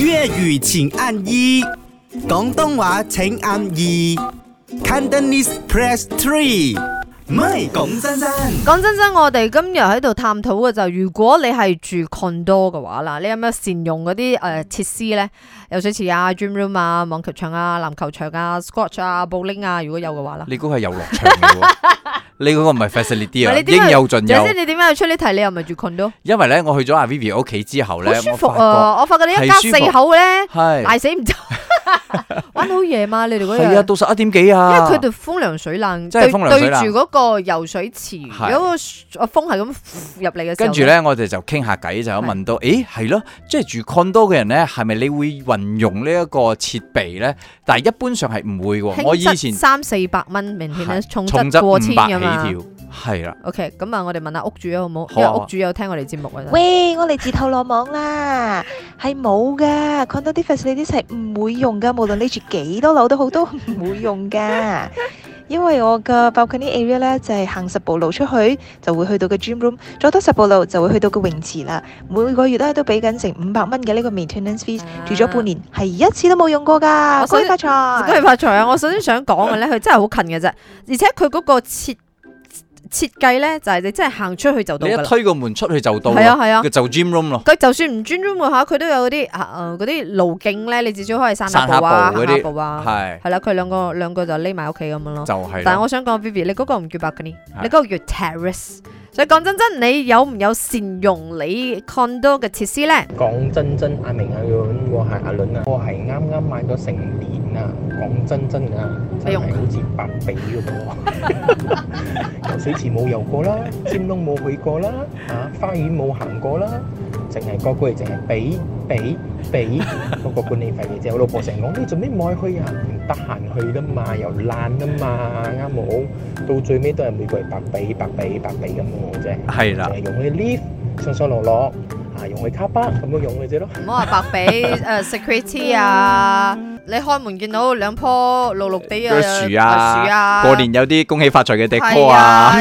粵語請按一，廣東話請按二，Cantonese press three。唔係講真真， 講真真，我哋今日喺度探討嘅就係，如果你係住 condo 嘅話啦，你有咩善用嗰啲誒設施咧？游水池啊，gym room 啊，網球場啊，籃球場啊，squash 啊，bowling 啊，如果有嘅話啦，你估係遊樂場 你嗰個唔係 facility 啲啊， 應有盡有。即係你點解要出呢題？你又唔係住 condo。因為咧，我去咗阿 Vivi 屋企之後咧，好舒服啊！我發，服我發覺你一家四口咧，賴死唔走。玩到好夜嘛？你哋嗰日係啊，到十一點幾啊！因為佢哋風涼水冷，風涼水冷對對住嗰個游水池，嗰個的風係咁入嚟嘅。跟住咧，我哋就傾下偈，就有問到，誒係咯，即係住 condo 嘅人咧，係咪你會運用呢一個設備咧？但係一般上係唔會喎。我以前三四百蚊，明顯的重質過千㗎嘛。係是啦，OK，咁、嗯、啊，我哋問下屋主啊，好唔好？啊、因為屋主有聽我哋節目啊。喂，我哋自投羅網啦，係冇噶，Condo Deposit 啲嘢唔會用噶，無論你住幾多樓都好， 都唔會用噶。因為我嘅 Balcony Area 咧，就係行十步路出去就會去到個 Gym Room，再多十步路就會去到個泳池啦。每個月咧都俾緊成五百蚊嘅呢個 Maintenance Fee，住咗半年係、啊、一次都冇用過噶。我想發財，我係發財啊！我首先想講嘅咧，佢 真係好近嘅啫，而且佢嗰個設設計咧就係你真係行出去就到噶啦！一推個門出去就到。係啊，係啊，就 gym room 咯。佢就算唔 gym room 下，佢都有嗰啲啊，嗰啲路徑咧，你至少可以散下步啊、行下步啊。係，係啦，佢兩個兩個就匿埋屋企咁樣咯。就係。但係我想講，Vivi，你嗰個唔叫 backlink，你嗰個叫 terrace。所以講真真，你有唔有善用你 condo 嘅設施咧？講真真，阿明阿倫喎，係阿倫啊，我係啱啱買咗成年啊，講真真啊，真係好似白俾咁喎。水池冇游過啦，尖東冇去過啦，啊花園冇行過啦，淨係個個月淨係畀畀畀個管理費嘅啫。我老婆成日講，你做咩唔愛去啊？唔得閒去啦嘛，又爛啦嘛，啱冇？到最尾都係每個月白畀白畀白畀咁啫，係啦，用啲 lift，上上落落。用嚟卡巴咁樣用嚟啫咯，唔好話白俾誒 security 啊！你開門見到兩棵綠綠哋嘅樹啊樹啊，過年有啲恭喜發財嘅 decor 啊！